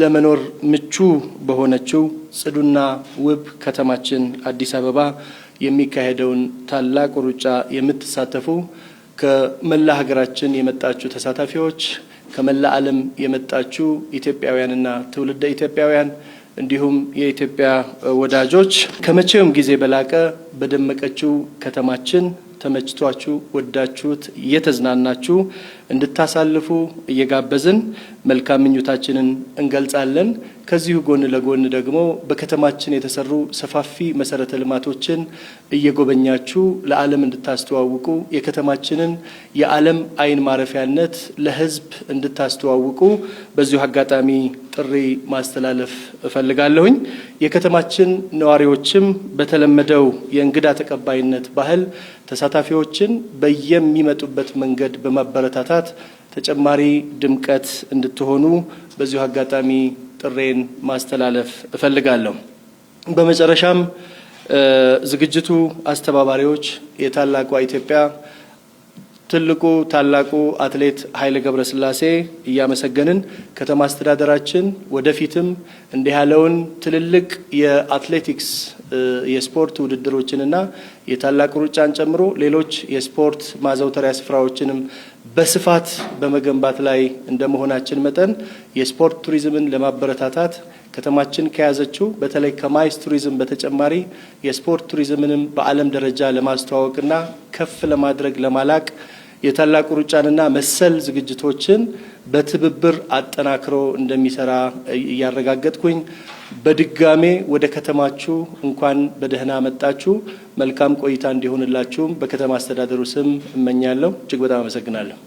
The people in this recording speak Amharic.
ለመኖር ምቹ በሆነችው ጽዱና ውብ ከተማችን አዲስ አበባ የሚካሄደውን ታላቅ ሩጫ የምትሳተፉ ከመላ ሀገራችን የመጣችሁ ተሳታፊዎች፣ ከመላ ዓለም የመጣችሁ ኢትዮጵያውያንና ትውልደ ኢትዮጵያውያን እንዲሁም የኢትዮጵያ ወዳጆች ከመቼውም ጊዜ በላቀ በደመቀችው ከተማችን ተመችቷችሁ ወዳችሁት እየተዝናናችሁ እንድታሳልፉ እየጋበዝን መልካም ምኞታችንን እንገልጻለን። ከዚሁ ጎን ለጎን ደግሞ በከተማችን የተሰሩ ሰፋፊ መሰረተ ልማቶችን እየጎበኛችሁ ለዓለም እንድታስተዋውቁ የከተማችንን የዓለም አይን ማረፊያነት ለሕዝብ እንድታስተዋውቁ በዚሁ አጋጣሚ ጥሪ ማስተላለፍ እፈልጋለሁኝ። የከተማችን ነዋሪዎችም በተለመደው የእንግዳ ተቀባይነት ባህል ተሳታፊዎችን በየሚመጡበት መንገድ በማበረታታት ተጨማሪ ድምቀት እንድትሆኑ በዚሁ አጋጣሚ ጥሬን ማስተላለፍ እፈልጋለሁ። በመጨረሻም ዝግጅቱ አስተባባሪዎች የታላቋ ኢትዮጵያ ትልቁ ታላቁ አትሌት ኃይሌ ገብረስላሴ እያመሰገንን ከተማ አስተዳደራችን ወደፊትም እንዲህ ያለውን ትልልቅ የአትሌቲክስ የስፖርት ውድድሮችንና የታላቁ ሩጫን ጨምሮ ሌሎች የስፖርት ማዘውተሪያ ስፍራዎችንም በስፋት በመገንባት ላይ እንደመሆናችን መጠን የስፖርት ቱሪዝምን ለማበረታታት ከተማችን ከያዘችው በተለይ ከማይስ ቱሪዝም በተጨማሪ የስፖርት ቱሪዝምንም በዓለም ደረጃ ለማስተዋወቅና ከፍ ለማድረግ ለማላቅ የታላቁ ሩጫንና መሰል ዝግጅቶችን በትብብር አጠናክሮ እንደሚሰራ እያረጋገጥኩኝ በድጋሜ ወደ ከተማችሁ እንኳን በደህና መጣችሁ። መልካም ቆይታ እንዲሆንላችሁም በከተማ አስተዳደሩ ስም እመኛለሁ። እጅግ በጣም አመሰግናለሁ።